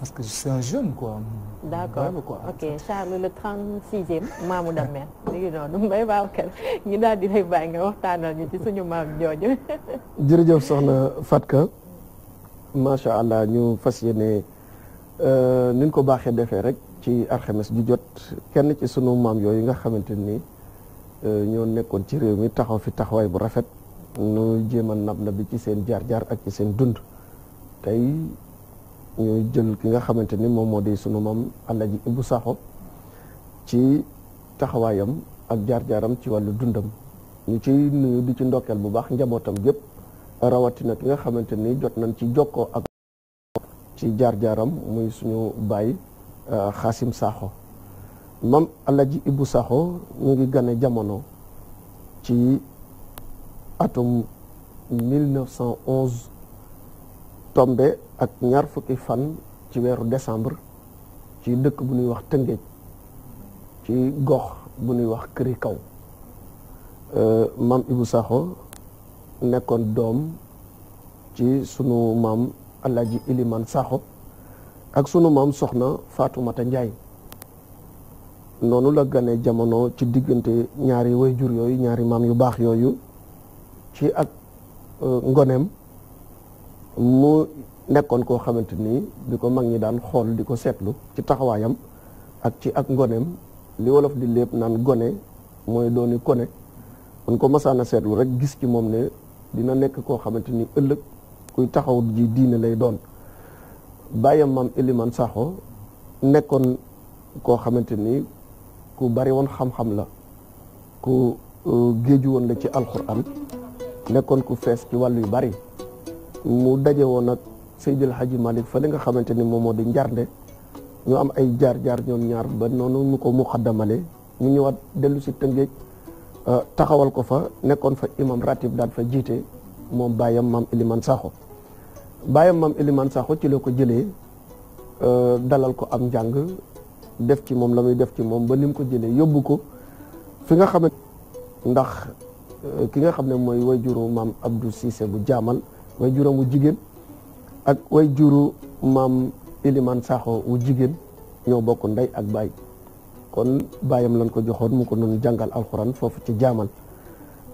parce que c'est un jeune quoi. d'accord ok Charles le 36e maamu Damel. mi ngi noonu Mbaye Babacar ñu daal di lay bàyyi nga waxtaanal ñu ci suñu jërëjëf soxna Fatka macha allah ñu fas yéene euh, ni ñu ko baaxee defee rek ci alxames ju jot kenn ci sunu maam yooyu nga xamante ni euh, ñoo nekkoon ci réew mi taxaw fi taxawaay bu rafet. ñu jéem a nab na bi ci seen jaar jaar ak ci seen dund tey. jël ki nga xamante ni moom moo di sunu maam Alaaji Ibbu Sakho ci taxawaayam ak jaar-jaaram ci wàllu dundam ñu ci nuyu di ci ndokkeel bu baax njabootam gépp rawatina ki nga xamante ni jot nañ ci jokkoo ak ci jaar-jaaram muy suñu baay euh, Xaasim Sakho maam Alaaji Ibbu Sakho mu ngi gane jamono ci atum 1911 ak ñaar fukki fan ci weeru décembre ci dëkk bu ñuy wax Tëngéej ci gox bu ñuy wax Këri Kaw euh, maam Ibou Sakho nekkoon doom ci sunu maam Alaaji Iliman Sakho ak sunu maam soxna Faatumata Njaay noonu la gane jamono ci diggante ñaari wayjur yooyu ñaari maam yu baax yooyu ci ak euh, ngoneem mu nekkoon koo xamante ni bi ko mag ñi daan xool di ko seetlu ci taxawaayam ak ci ak ngoneem li wolof di lépp naan gone mooy dooni kone mun ko masaan a seetlu rek gis ci moom ne dina nekk koo xamante ni ëllëg kuy taxaw ji diine lay doon bàyyam maam Eliman Sakho nekkoon koo xamante ni ku bari woon xam-xam la ku euh, géeju woon la ci alxuraan nekkoon ku fees ci wàllu yu bari mu daje woon ak Seydi El Hadji Malick fa li nga xamante ni moom moo di njarnde ñu am ay jaar-jaar ñoom ñaar ba noonu ñu ko muqaddamale ñu ñëwaat dellu si Tëngéej euh, taxawal ko fa nekkoon fa imam ratib daal fa jiite moom baayam maam Eliman Sakho baayam maam Eliman saaxoo ci la ko jëlee euh, dalal ko am njàng def ci moom la muy def ci moom ba ni ko jëlee yóbbu ko fi nga xamante ndax euh, ki nga xam ne mooy way juróom maam Abdou Cissé bu jaamal way juróom bu jigéen ak way juru maam Iliman Sakho wu jigéen ñoo bokk ndey ak baay kon baayam lañ ko joxoon mu ko doon jàngal alxuraan foofu ci jaamal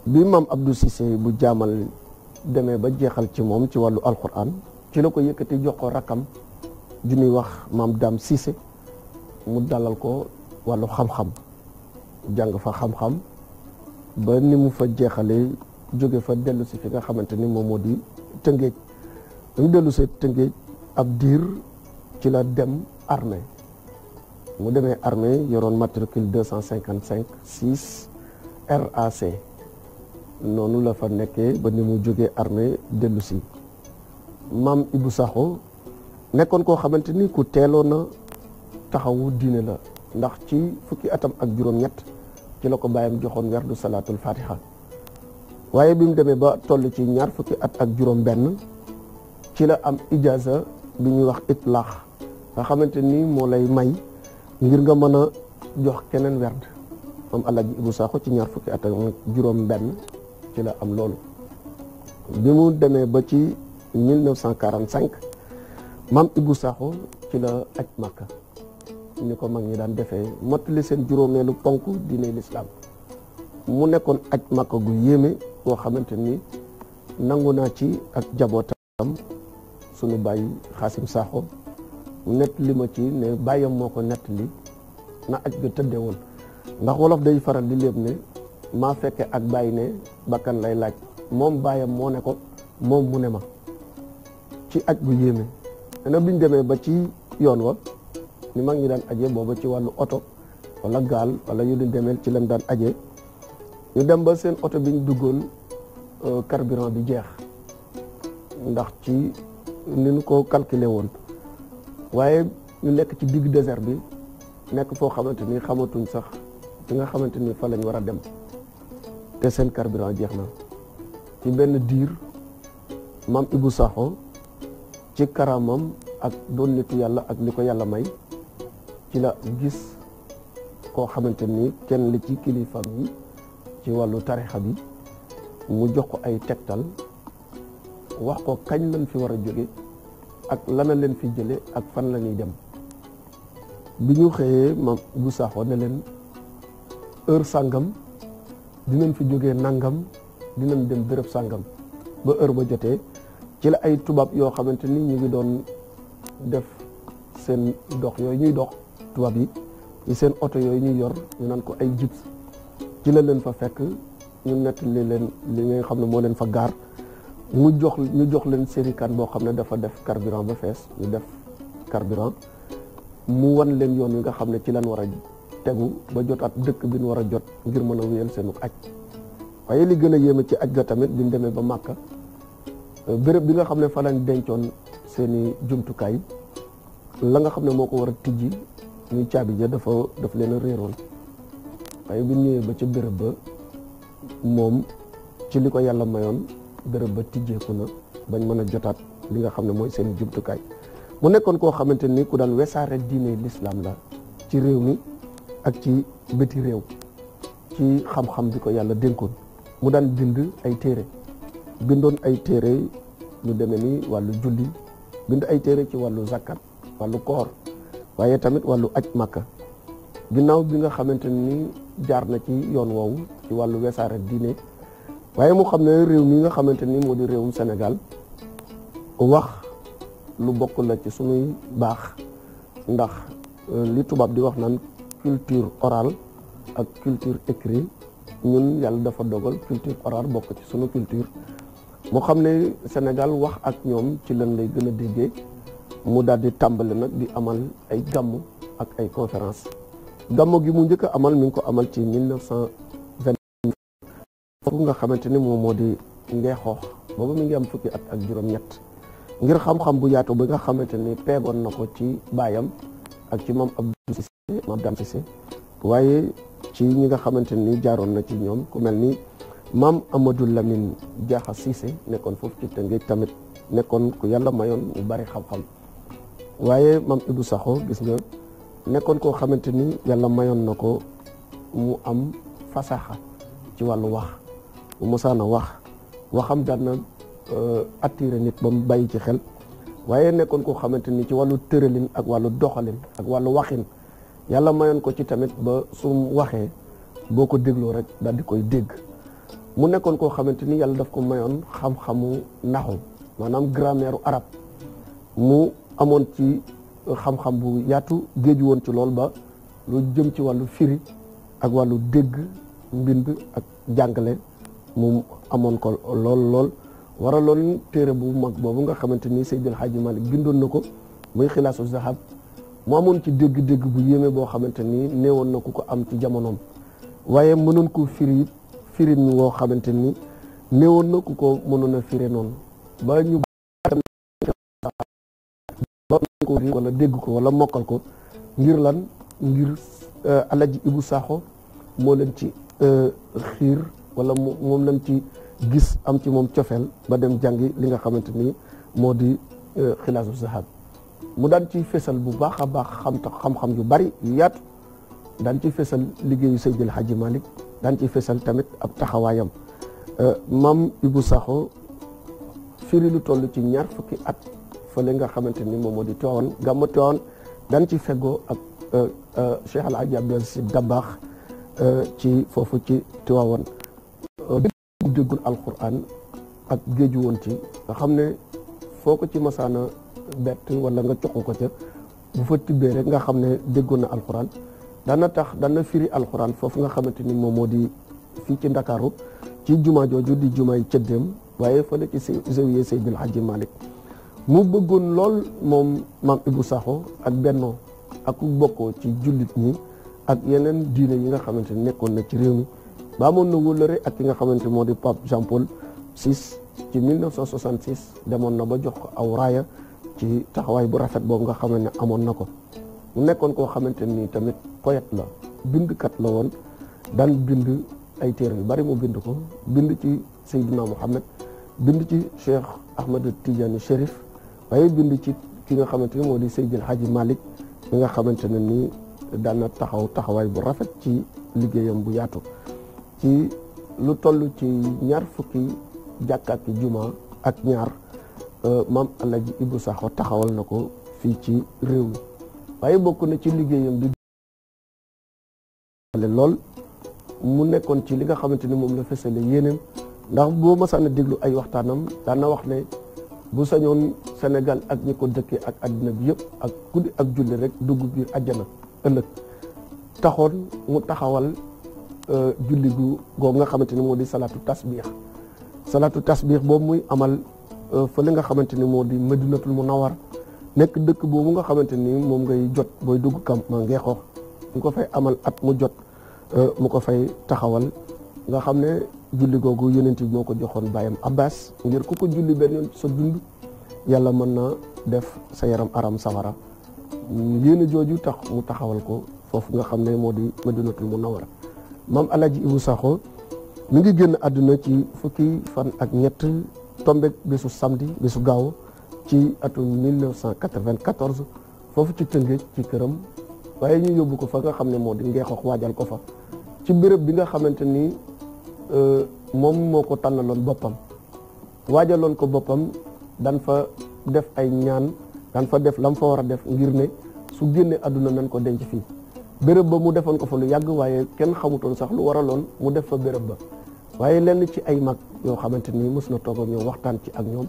bi maam Abdou Cissé bu jaamal demee ba jeexal ci moom ci wàllu alxuraan ci la ko yëkkati jox ko rakkam ju ñuy wax maam Dame Cissé mu dalal ko wallu xam-xam jàng fa xam-xam ba ni mu fa jeexale jóge fa dellu si fi nga xamante ni moom moo di tëngéej dañu dellu see Tëngéej ab diir ci la dem armée mu demee armée yoroon matricule deux cent cinquante cinq six RAC noonu la fa nekkee ba ni mu jógee armée dellusi si maam Ibou Sakho nekkoon koo xamante ni ku teeloon na taxawu diine la ndax ci fukki atam ak juróom-ñett ci la ko bàyyam joxoon werdu salaatul fatiha waaye bi mu demee ba toll ci ñaar fukki at ak juróom-benn. ci la am ijaza bi ñuy wax itlaax nga xamante ni moo lay may ngir nga mën a jox keneen werd moom Alaaji Ibu Sakho ci ñaar fukki at juróom benn ci la am loolu bi mu demee ba ci 1945 maam Ibu Sakho ci la aj Màkka ni ko mag ñi daan defee mottali seen juróomeelu ponk diine lislaam mu nekkoon aj Màkka gu yéeme boo xamante ni nangu naa ci ak jabootam suñu baay xaasim saaxo nett li ma ci ne bàyyam moo ko nett li na aj ga tëdde woon ndax wolof day faral di léeb ne maa fekke ak bàyyi ne bakkan lay laaj moom bàyyam moo ne ko moom mu ne ma ci aj gu yéeme dana biñ demee ba ci yoon wa ni mag ñi daan aje booba ci wàllu oto wala gaal wala yu di demeel ci lam daan aje ñu dem ba seen oto bi duggoon euh, carburant bi jeex ndax ci ni ñu ko calculer woon waaye ñu nekk ci digg désert bi nekk foo xamante ni xamatuñ sax fi nga xamante ni fa lañ war a dem te seen carburant jeex na ci benn diir maam Ibou Sakho ci karamam ak doon nitu yàlla ak li ko yàlla may ci la gis koo xamante ni kenn li ci kilifaam yi ci wàllu tarixa bi mu jox ko ay tegtal wax ko kañ lañ fi war a jóge ak lana leen fi jële ak fan la ñuy dem bi ñu xëyee ma bu saaxoo ne leen heure sàngam dinañ fi jógee nangam dinañ dem béréb sàngam ba heure ba jotee ci la ay tubaab yoo xamante ni ñu ngi doon def seen dox yooyu ñuy dox tubaab yi ci seen oto yooyu ñu yor ñu nan ko ay jibs ci la leen fa fekk ñu nettali leen li nga xam ne moo leen fa gaar mu jox ñu jox leen série 4 boo xam ne dafa def carburant ba fees ñu def carburant mu wan leen yoon wi nga xam ne ci lan war a tegu ba jot at dëkk bi ñu war a jot ngir mën a wéyal seenu aj waaye li gën a yéeme ci aj ga tamit bi ñu demee ba Màkka béréb bi nga xam ne fa lañ dencoon seeni jumtukaay la nga xam ne moo ko war a tijji ñuy caabi ja dafa daf leen a réeroon waaye bi ñëwee ba ca béréb ba moom ci li ko yàlla mayoon bërëb ba tijjeeku na bañ mën a jotaat li nga xam ne mooy seeni jumtukaay mu nekkoon koo xamante ni ku daan wesaare diine l'islam la ci réew mi ak ci bëti réew ci xam-xam bi ko yàlla dénkoon mu daan bind ay téere bindoon ay téere ñu demee ni wàllu julli bind ay téere ci wàllu zakkat wàllu koor waaye tamit wàllu aj màkka ginnaaw bi nga xamante ni jaar na ci yoon woowu ci wàllu wesaare diine waaye mu xam ne réew mi nga xamante ni moo di réewum Sénégal wax lu bokk la ci suñuy baax ndax euh, li tubaab di wax naan culture orale ak culture écrite ñun yàlla dafa dogal culture orale bokk ci sunu culture mu xam ne Sénégal wax ak ñoom ci lan lay gën a déggee mu daal di tàmbali nag di amal ay gàmmu ak ay conférence gàmmu gi mu njëkk amal mi ko amal ci 1900 kooku nga xamante ni moom moo di ngeexoox boobu mu ngi am fukki at ak juróom-ñett ngir xam-xam bu yaatu bi nga xamante ni peegoon na ko ci baayam ak ci maam Abdou Cissé maam waaye ci ñi nga xamante ni jaaroon na ci ñoom ku mel ni maam Amadou Lamine Diakha Cissé nekkoon foofu tamit nekkoon ku yàlla mayoon mu bari xam-xam waaye maam Ibou Sakho gis nga nekkoon koo xamante ni yàlla mayoon na ko mu am fasaxa ci wàllu wax. bu musaana wax waxam daan na euh, attiré nit ba mu bàyyi ci xel waaye nekkoon koo xamante ni ci wàllu tëralin ak wàllu doxalin ak wàllu waxin yàlla mayoon ko ci tamit ba su waxee boo ko dégloo rek daal di koy dégg mu nekkoon koo xamante ni yàlla daf ko mayoon xam-xamu naxu maanaam grammaire arab mu amoon ci xam-xam bu yaatu géeju woon ci lool ba lu jëm ci wàllu firi ak wàllu dégg mbind ak jàngale mu amoon ko lool lool waraloon téere bu mag boobu nga xamante ni Seydil Hadji Malick bindoon na ko muy xilaasu zahab mu amoon ci dégg-dégg bu yéeme boo xamante ni néewoon na ku ko am ci jamonoom waaye mënoon ko firi firin woo xamante ni néewoon na ko mënoon a firi noonu ba ñu wala dégg ko wala mokkal ko ngir lan ngir euh, alaji Ibu Sakho moo leen ci euh, xiir wala moom lañ ci gis am ci moom cofeel ba dem jàngi li nga xamante ni moo di euh, xilaasu sahab mu daan ci fesal bu baax a baax xam xam yu bari yu yaatu daan ci fesal liggéeyu Seydil Hadji Malick daan ci fesal tamit ab taxawaayam euh, mam Ibou Sakho firi lu toll ci ñaar fukki at fële nga xamante ni moom moo di Tiwaawan gàmmu Tiwaawan daan ci fegoo ak euh, Cheikh El Hadji Abdou Aziz Dabakh ci foofu ci Tiwaawan déggoon alquran ak géeju woon ci nga xam ne foo ko ci masaana bett wala nga coq ko ca bu fa tibbee rek nga xam ne déggoon na alquran dana tax na firi alquran foofu nga xamante ni moom moo di fii ci ndakaaru ci juma jooju di jumaay cëddeem waaye fële ci zawiya Seydil Hadji Malick mu bëggoon lool moom maam Ibou Sakho ak bennoo ak bokkoo ci jullit ñi ak yeneen diine yi nga xamante ni nekkoon na ci réew mi ba amoon na wóllëre ak ki nga xamante moo di Pape Jean Paul VI ci 1966 demoon na ba jox ko aw raaya ci taxawaay bu rafet boobu nga xam ne amoon na ko mu nekkoon koo xamante nii tamit poète la bindkat la woon daan bind ay téere yu bari mu bind ko bind ci Seydina Mouhamed bind ci Cheikh Ahmed Tidiane Chérif waaye bind ci ki nga xamante ni moo di Seydil Hadji Malick mi nga xamante ne nii daan na taxaw taxawaay bu rafet ci liggéeyam bu yaatu ci lu toll ci ñaar fukki jàkka ak juma ak ñaar euh, maam Alaaji Ibou Sakho taxawal na ko fii ci réew mi waaye bokk na ci liggéeyam bi lool mu nekkoon ci li nga xamante ni moom la fësale yéeneem ndax boo masaan a déglu ay waxtaanam dana wax ne bu sañoon senegal ak ñi ko dëkkee ak àddina bi yëpp ak guddi ak julli rek dugg biir àjjana ëllëg taxoon mu taxawal Euh, julli gu googu nga xamante ni moo di salaatu tasbix salaatu tasbiix boobu muy amal euh, fële nga xamante ni moo di madinatul munawar nekk dëkk boobu nga xamante ni moom ngay jot booy dugg campement Ngeexoox mu ko fay amal at mu jot euh, mu ko fay taxawal nga xam ne julli googu yonent moo ko joxoon bàyyam Abbas ngir ku ko julli benn sa dund yàlla mën na def sa yaram aram sawara yéen jooju tax mu taxawal ko foofu nga xam ne moo di madinatul munawara maam Alaaji Ibu saxo mi ngi génn àdduna ci fukki fan ak ñett tombe bésu samdi bésu gaaw ci atum 1994 foofu ci Tëngéej ci këram waaye ñu yóbbu ko fa nga xam ne moo di ngeexoox waajal ko fa ci béréb bi nga xamante ni euh, moom moo ko tànnaloon boppam waajaloon ko boppam dan fa def ay ñaan dan fa def lam fa war a def ngir ne su génnee adduna nañ ko denc fii béréb ba mu defoon ko fa lu yàgg waaye kenn xamutoon sax lu waraloon mu def fa béréb ba waaye lenn ci ay mag yoo xamante ni mës na toog ak ñoom waxtaan ci ak ñoom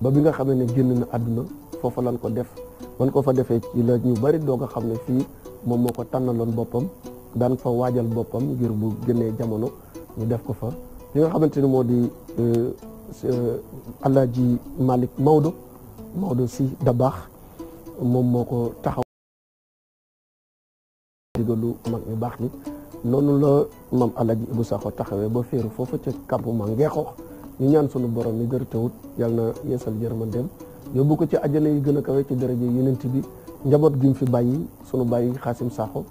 ba bi nga xamee ne génn na àdduna foofa lan ko def man ko fa defee ci la ñu bari doog a xam ne fii moom moo ko tànnaloon boppam daan fa waajal boppam ngir mu génnee jamono ñu def ko fa li nga xamante ni moo di euh, Alaaji Malick Maodo Maodo si baax moom moo ko taxaw ndigalu mag ñu baax ñi noonu la mam Alaaji bu Sakho taxawee ba féeru foofa ca campement ngeexoox ñu ñaan sunu borom mi gër tawut yàlla na yeesal dem yóbbu ko ci àjjana yi gën a kawee ci daraje yonent bi njaboot gi mu fi bàyyi sunu bàyyi Xaasim Sakho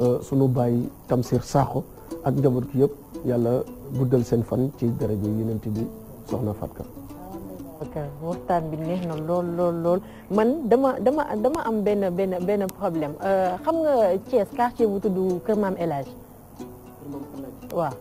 euh, sunu bàyyi Tamsir Sakho ak njaboot gi yëpp yàlla guddal seen fan ci daraje yonent bi soxna Fatka que waxtaan bi neex na lool lool lool man dama dama dama am benn benn benn problème euh, xam nga Thiès quartier bu tudd Kër Maam El Hadj. Kër Maam El Hadj waaw.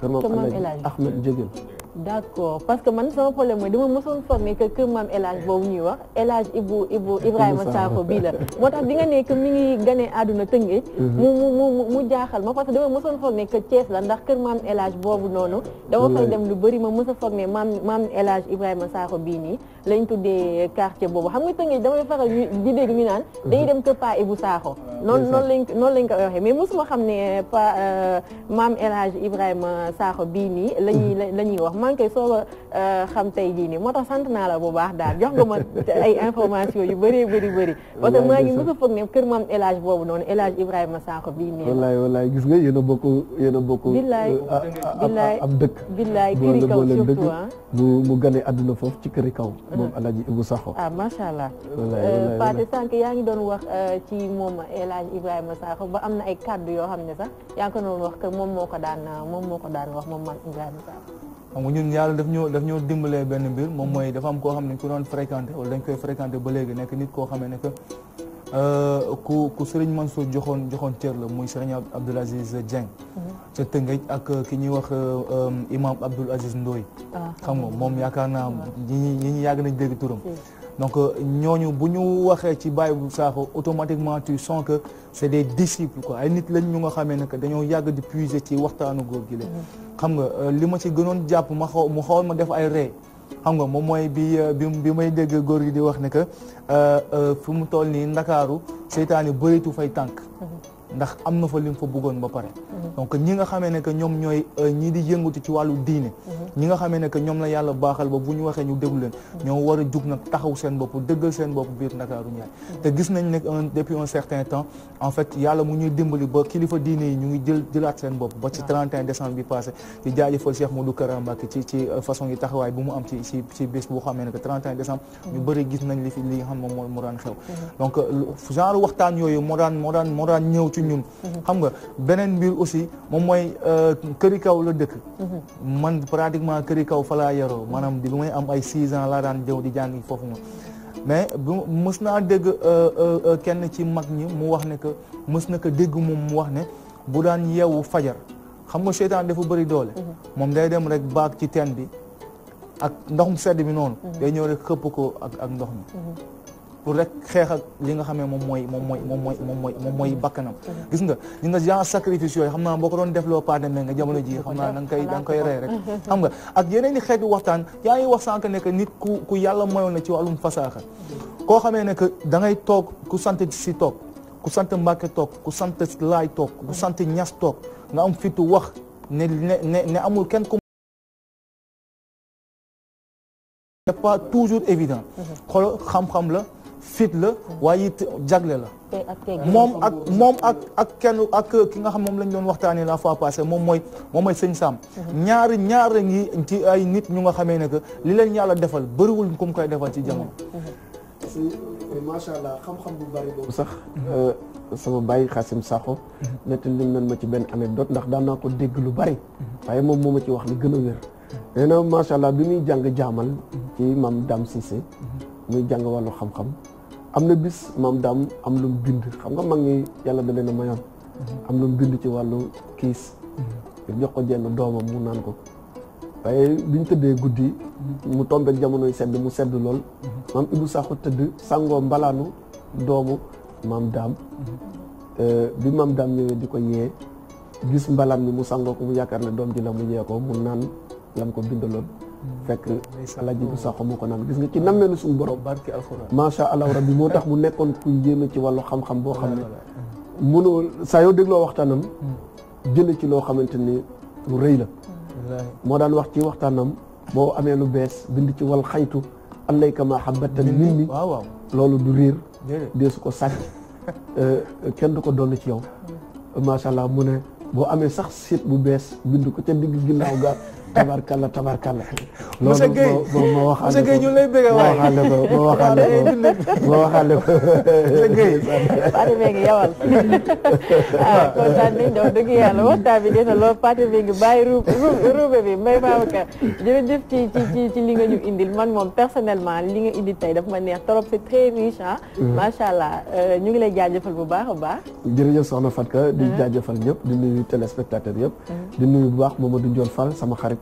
Kër Maam El Hadj Ahmed Diegane. d' accord parce que man sama problème mooy dama mosoon formé que kër maam El boobu ñuy wax El Hadj Ibu Ibu Ibrahima Sakho bii la moo tax di nga ne que mi ngi gane àdduna Tëngéej mhm. mu mu mu mu jaaxal ma parce que dama mosoon formé que Thiès la ndax kër maam El boobu noonu dama fay dem lu bëri ma mos a formé maam maam El Hadj Ibrahima Sakho bii nii lañ tuddee quartier boobu xam nga Tëngéej damay faral di dégg ñu naan dañuy dem kër Pa Ibou Sakho noonu noonu lañ noonu lañ ko waxee mais mosuma xam ne euh, pa euh, maam El Hadj Ibrahima Sakho bii nii mm-hmm. la ñuy la ñuy wax man kay soo euh, xam tey jii nii moo tax sant naa la bu baax daal jox nga ma ay information yu bëree bëri bëri parce maa ngi mos a foog ne kër maam El boobu noonu El Hadj Ibrahima Sakho bii nii wallaay wallaay gis nga yéen a bokk yéen a bokk billaay billaay am dëkk billaay këri kaw surtout ah. mu gane àdduna foofu ci këri kaw moom El Hadj Ibou Sakho. ah macha allah. Fatou euh, yaa ngi doon wax euh, ci moom El Hadj Ibrahima Sakho ba am na ay kàddu yoo xam ne sax yaa ngi ko doon wax que moom moo ko daan moom moo ko daan wax moom maam a Sakho. xam nga ñun yàlla daf ñoo daf ñoo dimbalee benn mbir moom mooy dafa am koo xam ne ku doon fréquenté wala dañ koy fréquenté ba léegi nekk nit koo xam ne que Euh, ku ku man soo joxoon joxoon cër la muy Serigne Abdoul Aziz Dieng. Mhm. ca Tëngéej ak euh, ki ñuy wax euh, imam Abdoul Aziz Ndoye. Ah, xam nga moom yaakaar naa ñi ñi ñu yàgg nañ dégg turam. donc ñooñu bu ñu waxee ci Baye Sakho automatiquement tu son que c' est des disciples ay nit lañ ñu nga xamee ne que dañoo yàgg di puiser ci waxtaanu góor gi la. Mhm. xam nga li ma ci gënoon jàpp ma xaw ma xawoon ma def ay ree xam nga moom mooy bi euh, bi bi may dégg góor gi di wax ne que euh, euh, fu mu toll nii ndakaaru seytaane bëreetu fay tànk mm-hmm. ndax am na fa lim fa bëggoon ba pare. Mhm. donc ñi nga xamee ne ñoom ñooy euh, ñi di yëngatu ci wàllu diine. Mhm. ñi nga xamee ne ñoom la yàlla baaxal ba bu ñu waxee ñu déglu mhm. ñoo war a jug nag taxaw seen bopp dëggal seen bopp biir Ndakaaru yàlla mu ñuy dimbali ba kilifa diine yi ñu ngi jëlaat seen bopp. ba ci 31 décembre bi passé di jaajëfal Cheikh Modou Kara Mbacké ci ci euh, façon yi taxawaay bu mu am ci ci ci boo xamee ne que 31 ñu bëri ci ñun. xam nga beneen mbir aussi moom mooy euh, këri kaw la dëkk. man pratiquement këri kaw fa laa yaroo maanaam bi may am ay 6 ans laa daan jëw di jàng foofu ma mais bu mës naa dégg euh, euh, kenn ci mag ñi mu wax ne que mës na ko dégg moom mu wax ne bu daan yeewu fajar xam nga seytaan dafa bëri doole. moom day dem rek baag ci teen bi ak ndoxum sedd bi noonu. Uhuh. day ñëw rek xëpp ko ak ak ndox mi. Uhuh. pour rek xeex ak li nga xamee moom mooy moom mooy moom mooy moom mooy moom mooy bakkanam gis nga li nga genre sacrifice yooyu xam naa boo ko doon defloo paane me nga jamono ji xam naa da nga rek xam nga ak yeneen i xeetu waxtaan yaa ngi wax sànq ne que nit ku ku yàlla mayoon na ci wàllum fasaaxa koo xamee ne que da ngay toog ku sant si toog ku sant Mbàkke toog ku sant laay toog ku sant ñas toog nga am fitu wax ne ne ne amul ken ku c'est pas fit la waaye it jagle la. moom ak moom ak ak kenn ak ki nga xam moom lañ doon waxtaanee la fa passée moom mooy moom mooy sëñ Sam. ñaari ñaar ngi ci ay nit ñu nga xamee ne que li leen yàlla defal bëriwul ku mu koy defal ci jamono. macha allah xam bu bari boobu sax. Euh, sama bàyyi Xasim Sakho. nettali nañ ma ci benn anecdote ndax daan naa ko dégg lu bari. waaye moom moo ma ci wax li gën a wér. nee na macha allah bi muy jàng jaamal. ci maam Dame Cissé. muy jàng wallu xam-xam. am na bis maam daam am lu mu bind xam nga mag ñi yàlla da mayoon am lu mu bind ci wàllu kiis ngir jox ko jenn doomam mu naan ko waaye bi tëddee guddi mu tombeek jamonoy sedd mu sedd lool maam Ibou tëdd sangoo mbalaanu doomu maam daam euh, bi maam daam ñëwee di ko yee gis mbalaan mi mu sangoo ko mu yaakaar ne doom ji la mu yee ko mu naan lam ko bindaloon fekk alaaji bu saxo moo ko naan gis nga ci nammeelu suñu borom macha allah rabbi moo tax mu nekkoon kuy yéeme ci wàllu xam-xam boo xam ne mënoo saa yoo dégloo waxtaanam hmm. jële ci loo xamante ni lu rëy la moo daan wax ci waxtaanam boo amee lu bees bind ci wal xaytu allayka ma xabatan min ni waaw loolu du réer deesu ko sàcc euh, kenn du ko doon ci yow hmm. macha allah mu ne boo amee sax sit bu bees bind ko ca digg ginnaaw gaar tabarkalla tabarkalla. monsieur Guèye loolu moo wax. monsieur Guèye ñu lay bëgg waay moo waxaale ko moo waxaale ko monsieur Guèye. Fatou Mbengue yawal ah kontaan nañu wax dëgg yàlla waxtaan bi dina lool Fatou Mbengue bàyyi ruub ruube bi Mbaye Babacar jërëjëf ci ci ci li nga ñu indil man moom personnellement li nga indil tey daf ma neex trop c'est très riche ah. Mm. macha allah euh, ñu ngi lay jaajëfal bu baax a baax. jërëjëf soxna Fatka di mm. jaajëfal ñëpp di nuyu téléspectateur yëpp. Mm. di nuyu bu baax Mamadou Ndiol Fall sama xarit.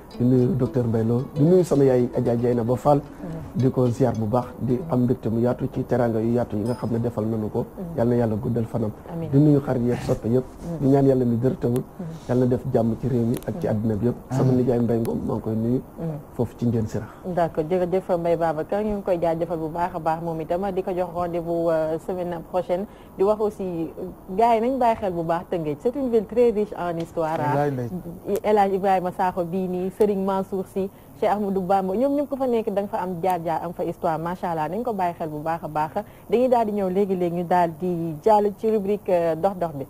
di nuyu docteur Mbaye Lo di nuyu sama yaay Adja Dieyna ba Fall mm. di ko ziar bu baax di am mbégte mu yaatu ci teraanga yu yaatu yi nga xam ne defal mm. na yàlla guddal fanam di nuyu xarit yeeg soppe yëpp mm. di ñaan yàlla mi ci réew mi ak ci àddina bi yëpp sama nijaay Mbaye Ngom maa ngi koy nuyu foofu ci ngeen sirax d'accord jërëjëf Mbaye Babacar ñu ngi koy jaajëfal bu baax a baax moom itam di ko jox rendez-vous euh, semaine prochaine di wax aussi euh, gars yi nañ bàyyi xel bu baax Tëngéej c'est une ville très riche en histoire ah. El Hadj Ibrahima Serigne Mansour Sy Cheikh Ahmadou Bamba ñoom ñëpp ko fa nekk da nga fa am jaar-jaar am fa histoire macha allah nañ ko bàyyi xel bu baax a baax dañuy daal di ñëw léegi léegi ñu daal di jàll ci rubrique euh, dox dox bi.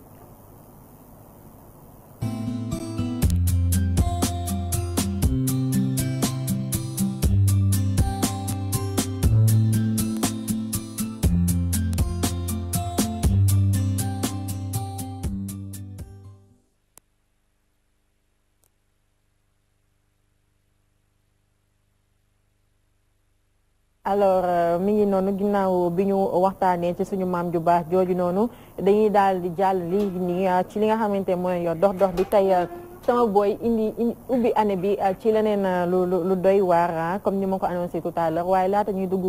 alors euh, mi ngi noonu ginnaaw bi ñu waxtaanee ci suñu maam ju baax jooju noonu dañuy daal di jàll li nii euh, ci li nga xamante mooy dox dox bi tey euh, sama booy ubbi année bi ci leneen lu lu doy waar ah, comme ni ma ko annoncé tout à l'heure waaye laata ñuy dugg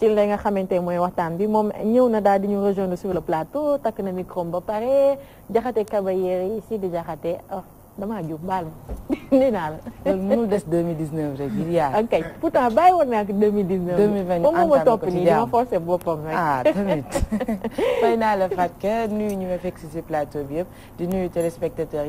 ci li nga xamante mooy waxtaan bi moom ñëw na daal di ñu rejoindre sur le plateau takk na micro ba pare jaxate kabayeer yi si di jaxate damaa jub baal ma nee naa la. loolu mënul des 2019 rek yaa. ok pourtant bàyyi woon naa ko ak ko ci jàmm ma forcé boppam tamit ah, fay naa la Fatou Ka nuyu ñu ma fekk si plateau bi di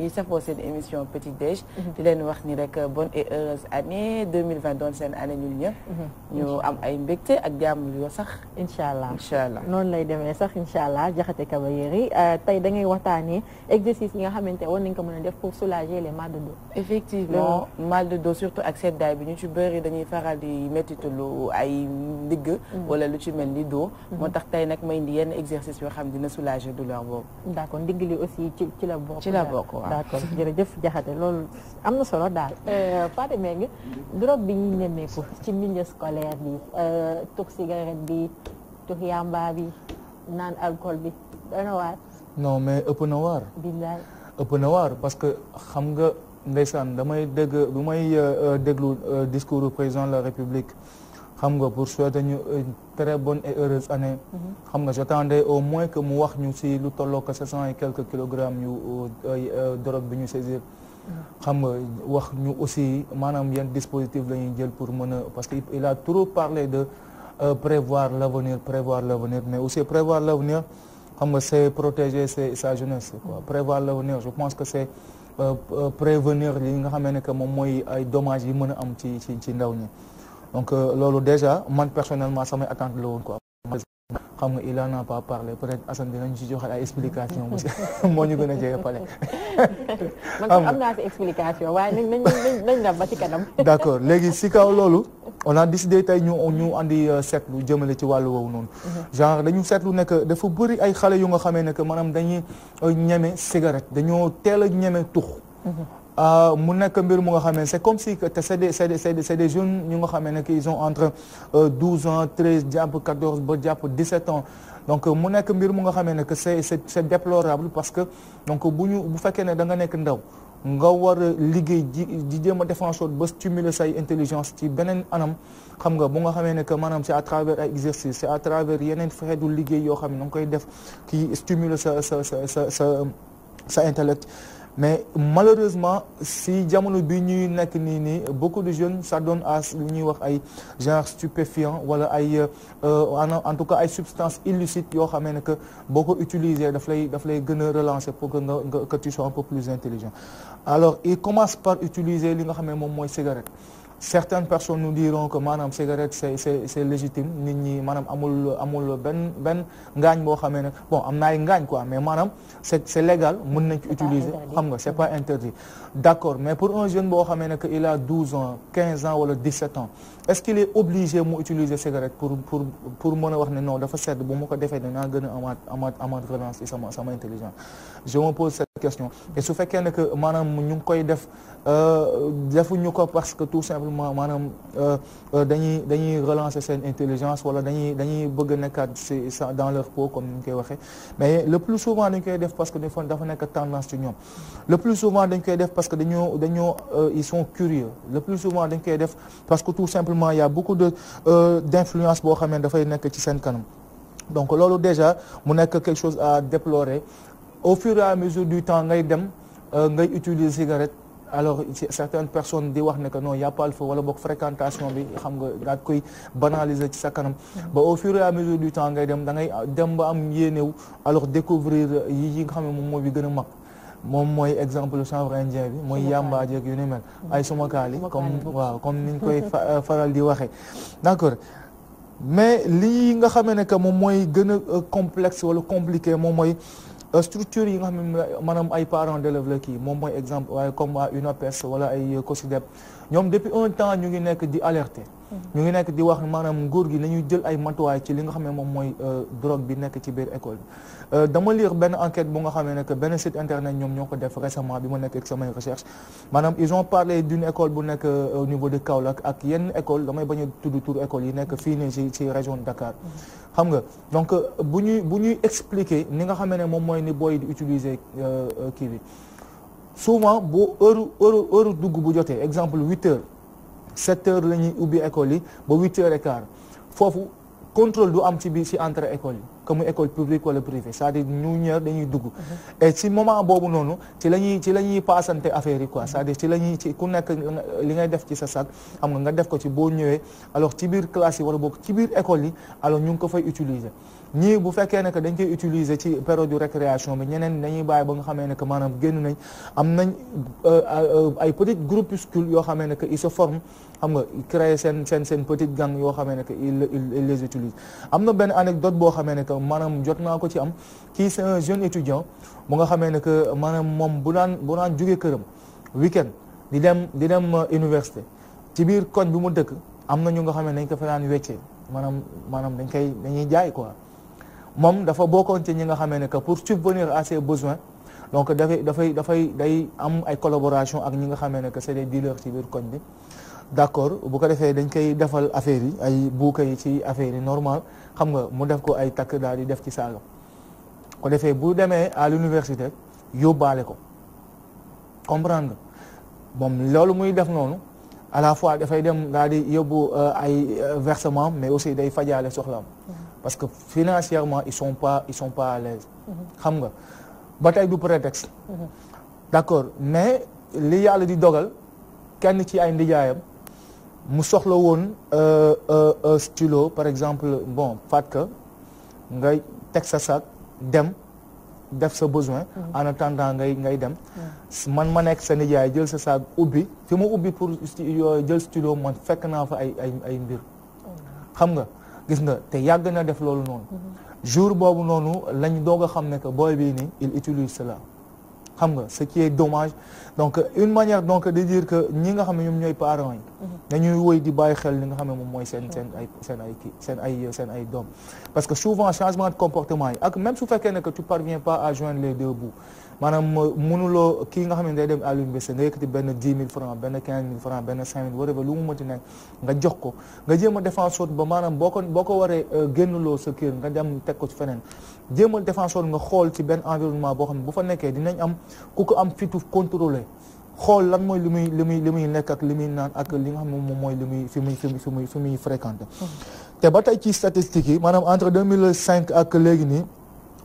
yi safoo seen émission Petit Déj. Mhm. di leen wax ni rek euh, bonne et heureuse année 2020 doon seen année ñun ñëpp. Mhm. ñu am ay mbégte ak jàmm yoo sax. incha allah incha allah noonu lay demee sax incha allah jaxate kabayeri euh, tey da ngay waxtaanee exercice yi nga xamante woon nañu ko mën a def pour soulager les mal de dos. effectivement mal de dos surtout ak seddaay bi ñu ci bëri dañuy faral di méttitalu ay ndigg. Mm. wala lu ci mel ni dos. Mm-hmm. moo tax tey nag may indi yenn exercice yoo xam dina soulager douleur boobu. d'accord ndigg li aussi ci ci la bokk. ci la bokk waaw d'accord jërëjëf jaxate am na solo daal. Euh, Fatou Mbengue drogue bi ñuy nemmeeku ci milieu scolaire bi euh, tux cigarette bi tux bi naan alcool bi dana waar. non mais ëpp na ëpp na waar parce que xam nga ndeysaan damay dégg bu may euh, euh, déglu euh, discours du président de la république xam nga pour souhaiter ñu une très bonne et heureuse année. Mhm. xam nga j'attendais au moins que mu wax ñu si lu tolloo ko sept cent et quelques kilogrammes yu drogue bi ñu saisir. xam nga wax ñu aussi maanaam yenn dispositif la ñuy jël pour mën a parce que il a trop parlé de prévoir l'avenir prévoir l'avenir mais aussi prévoir l'avenir xam nga c'est protéger sa jeunesse quoi prévoir l'avenir je pense que c'est prévenir li nga xamee ne que moom mooy ay dommages yi mën a am ci ci ci ndaw ñi donc loolu déjà man personnellement samay attente la woon quoi xam nga il en a pas parlé peut-être bi dinañ si joxal ay explication moo ñu gën a jege pale. man am naa si explication waaye nañ léegi si kaw loolu. on a tey ñu ñu andi eh, seetlu jëmale ci wàllu woowu noonu. Mhm. genre dañu seetlu ne que dafa bëri ay xale yu nga xamee ne que maanaam dañuy ñeme eh, cigarette dañoo teel a ñeme tux. Mhm. Euh, mu nekk mbir mu nga xam ne c'est comme si que c'est des c'est des c'est des jeunes ñu nga xam ne que ils ont entre euh, douze ans treize jàpp quatorze ba jàpp dix-sept ans. donc euh, mu nekk mbir mu nga xamee ne que c'est c'est c'est déplorable parce que donc bu ñu bu fekkee ne da nga nekk ndaw nga war a liggéey ji di jéem a défenseur ba stimuler say intelligence ci beneen anam xam nga bu nga xamee ne que maanaam c'est à travers ay exercice c'est à travers yeneen fexeedu liggéey yoo xam ne da nga koy def ki stimuler sa sa sa sa sa sa intellect mais malheureusement si jamono bi ñuy nekk nii nii beaucoup de jeunes s'adonnent à lu ñuy wax ay genre stupéfiant wala ay euh, en tout cas ay substances illicites yoo xamee ne que boo ko utiliser daf lay daf lay gën a relancer pour que nga que tu sois un peu plus intelligent alors il commence par utiliser li nga xam ne moom mooy cigarette certaines personnes nous diront que maanaam cigarette c'est c'est c'est légitime nit ñi maanaam amul benn benn ngaañ boo xamee ne bon am na ay ngaañ quoi mais maanaam c'est c'est légal mën nañ ko xam nga c'est mm-hmm. pas interdit d'accord mais pour un jeune boo xam ne que il a 12 ans 15 ans wala 17 ans est-ce qu'il est obligé mu utiliser cigarette pour pour mën a wax ne non dafa sedd bu ma ko defee danaa gën a amaat amaat amaat relance ci sama sama intelligence je pose question et su fekkee ne que maanaam ñu ngi koy def euh, defuñu ko parce que tout simplement maanaam euh, euh, dañuy dañuy relancer seen intelligence wala dañuy dañuy bëgg nekkaat si dans leur peau comme ni ñu koy waxee mais le plus souvent dañ koy def parce que dafa dafa nekk tendance ci ñoom le plus souvent dañ koy def parce que dañoo dañoo ils sont curieux le plus souvent dañ koy def parce que tout simplement il y a beaucoup de d'influence boo xam ne dafay nekk ci seen kanam donc loolu déjà mu nekk quelque chose à déplorer au fur et à mesure du temps ngay dem euh, ngay utiliser cigarette alors certaines personnes di wax ne que non y a pas le feu wala boog fréquentation bi xam nga daat koy banaliser ci sa kanam hmm. ba au fur et mesure du temps ngay dem da ngay dem ba am yéenew alors découvrir euh, yi yi nga xam ne moom moo bi gën a mag moom mooy exemple chanvre indien bi mooy yàmbaaji ak yu ni mel ay sumakaali comme waaw comme niñ koy faral di waxee d'accord mais lii nga xamee ne que moom mooy gën a euh, complexe wala compliqué moom mooy Euh, structure yi nga xam ne maanaam ay parents d'élèves la kii moom mooy exemple waaye comme waa UNAPES wala ay COSYDEP ñoom depuis un temps ñu ngi nekk di alerter. ñu ngi nekk di wax maanaam nguur gi nañuy jël ay matuwaay ci li nga xam ne moom mooy euh, drogue bi nekk ci biir école bi. Euh, dama lire benn enquête bu nga xamee ne que benn site internet ñoom ñoo ko def récemment bi ma nekk ak samay recherche maanaam ils ont parlé nekk euh, au niveau de Kaolack ak yenn école damay bañ a tudd tur école yi nekk fii nii ci ci région de Dakar. xam nga donc bu ñuy bu ñuy expliquer ni nga xam ne moom mooy ni booy di utiliser kii bi. souvent bu heure heure heure dugg bu jotee exemple huit heures sept heures la ñuy ubbi école yi ba huit heures foofu contrôle du am ci biir ci entrée école yi que muy école publique wala privée cest à ñu ñëw dañuy dugg. et ci moment boobu noonu ci la ñuy ci la ñuy paasante affaire yi quoi cest à ci la ku nekk li ngay def ci sa sac xam nga nga def ko ci boo ñëwee alors ci biir classe yi wala boog ci biir école yi alors ñu ngi ko fay utiliser. ñii bu fekkee ne que dañ koy utiliser ci période de récréation bi ñeneen dañuy bàyyi ba nga xamee ne que maanaam génn nañ am nañ euh, yoo xamee ne que ils se forment xam nga créer seen seen seen yoo xamee ne que ils na benn anecdote boo xamee ne maanaam jot naa ko ci am kii c'est un jeune étudiant bu nga xamee ne que maanaam moom bu daan bu daan jógee këram week di dem di dem euh, université ci biir koñ bi mu dëkk am na ñu nga xamee dañ ko fanaan daan weccee maanaam maanaam dañ koy dañuy jaay quoi moom dafa boo bokkoon ci ñi nga xamee ne que pour subvenir à ses besoins donc dafay dafay day am ay collaboration ak ñi nga xamee ne que c'est des ci biir koñ bi d' accord bu ko defee dañ koy defal affaire yi ay buuka yi ci affaire yi normal xam nga mu def ko ay takk daal di def ci saaga ko defee bu demee à l'université yóbbaale ko comprendre moom loolu muy def noonu à la fois dafay dem daal di yóbbu euh, ay euh, versement mais aussi day fajaale soxlaam mm-hmm. parce que financièrement ils sont pas ils sont pas à mm-hmm. xam nga ba tey du prétexte mm-hmm. d' accord mais li yàlla di dogal kenn ci ay ndijaayam mu soxla woon euh, euh, stylo par exemple bon fatka ngay teg sa sac dem def sa besoin mm-hmm. en attendant ngay ngay dem man ma nekk sa nijaay jël sa sac ubbi fi mu ubbi pour euh, jël stylo man fekk naa fa ay ay ay mbir xam nga gis nga te yàgg na def loolu noonu mm-hmm. jour boobu noonu lañ doog a xam ne que booy bii nii il utilise cela xam nga ce qui est dommage donc une manière donc de dire que ñi nga xam ne ñoom ñooy parents yi. Mhm. dañuy di bàyyi xel li nga xam ne moom mooy seen seen ay seen ay kii seen ay seen ay parce que changement de comportement yi ak même su fekkee ne que tu parviens pas à joindre les deux bouts. maanaam mënuloo kii nga xam ne day dem à l'université nga yëkkati benn dix mille franc benn quinze mille franc benn cinq mille wala lu mu mënti nekk nga jox ko nga jéem a ba maanaam boo ko boo ko waree euh, génnuloo sa kër nga dem teg ko ci feneen jéem a nga xool ci benn environnement boo xam ne bu fa nekkee dinañ am ku ko am fitu contrôler xool lan mooy li muy li muy li muy nekk ak li muy naan ak li nga mooy li muy fi muy mm-hmm. te ba tey ci statistiques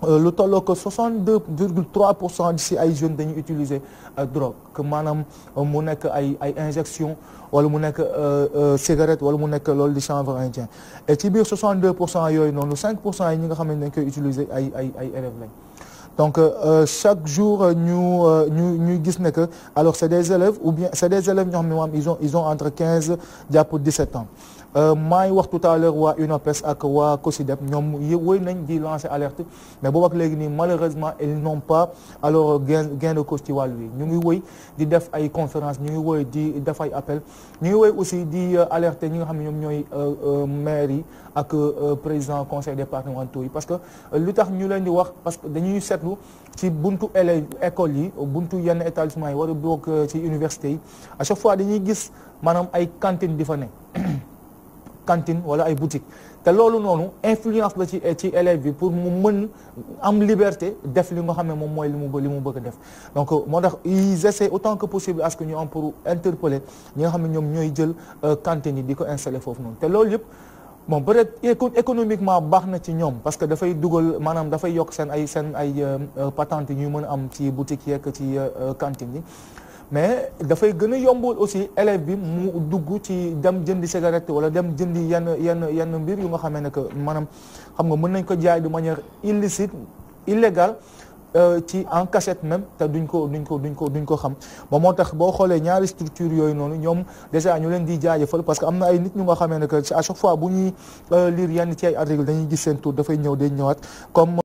Euh, lu tolloo ko 62 virgule 3 pour cent si ay jeunes dañuy utiliser euh, drogue que maanaam euh, mu nekk ay ay injection wala mu nekk cigarette wala mu nekk lool di chanvre indien et ci biir 62 pour cent yooyu noonu 5 pour cent yi nga xam ne dañ koy utiliser ay ay ay donc chaque jour ñu ñu ñu gis ne que alors c'est des élèves ou bien c'est des élèves ñoo xam ne maanaam ils ont ils ont entre 15 jàpp ans. Euh, maa ngi wax tout à l'heure waa UNAPES ak waa COSIDEP ñoom wëy nañ di lancer alerte mais boobu léegi nii malheureusement ils n'ont pas alors gain de cause ci wàll wi ñu ngi wëy di def ay conférence ñu ngi wëy di def ay appel ñu ngi wëy aussi di euh, alerter ñi nga xam ne ñoom ñooy euh, maire yi ak président conseil départementaux yi parce que lu tax ñu leen di wax parce que dañuy seetlu ci buntu élèves école yi buntu yenn établissement yi war a bokk ci université yi fois dañuy gis maanaam ay cantine di fa ne cantine wala ay boutique te loolu noonu influence la ci ci élève bi pour mu mën am liberté def li nga xam ne moom mooy li mu li mu bëgg a def donc euh, moo tax ils essaient autant que possible à que ñu am pour interpeller ñi nga xam ne ñoom ñooy jël euh, cantine yi di ko installer foofu noonu te loolu yëpp bon peut-être économiquement baax na ci ñoom parce que dafay dugal maanaam dafay yokk seen ay seen ay euh, patente ñuy mën a am ci boutique yeeg ci cantine yi mais dafay gën a yombul aussi élève bi mu dugg ci dem jëndi cigarette wala dem jëndi yenn yenn yenn mbir yu nga xamee ne que maanaam xam nga mën nañ ko jaay de manière illicite illégale euh, ci en cachette même te duñ ko duñ ko duñ ko duñ ko xam moom moo tax boo xoolee ñaari structure yooyu noonu ñoom déjà ñu leen di jaajëfal parce que am na ay nit ñu nga xamee ne que à chaque fois bu ñuy euh, lire yenn ci ay article dañuy gis seen tur dafay ñëw day ñëwaat comme